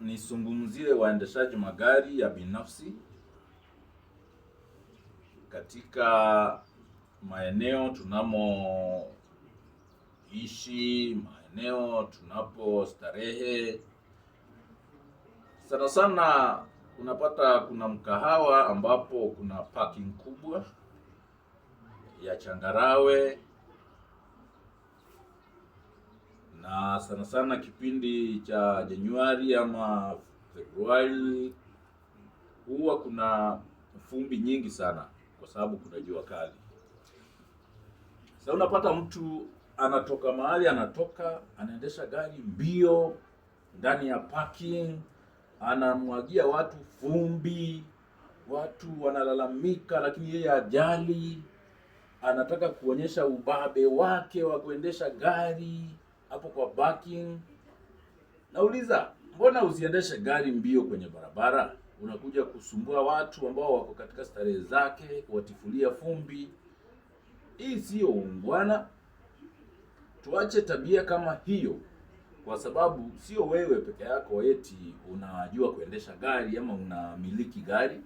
nisungumzie waendeshaji magari ya binafsi katika maeneo tunamoishi, maeneo tunapo starehe. Sana sana unapata kuna mkahawa ambapo kuna parking kubwa ya changarawe sana sana kipindi cha Januari ama Februari huwa kuna vumbi nyingi sana, kwa sababu kuna jua kali. Sasa unapata mtu anatoka mahali anatoka, anaendesha gari mbio ndani ya parking, anamwagia watu vumbi, watu wanalalamika, lakini yeye ajali, anataka kuonyesha ubabe wake wa kuendesha gari hapo kwa parking. Nauliza, mbona usiendeshe gari mbio kwenye barabara? Unakuja kusumbua watu ambao wako katika starehe zake, kuwatifulia fumbi Hii siyo ungwana. Tuache tabia kama hiyo, kwa sababu sio wewe peke yako eti unajua kuendesha gari ama unamiliki gari.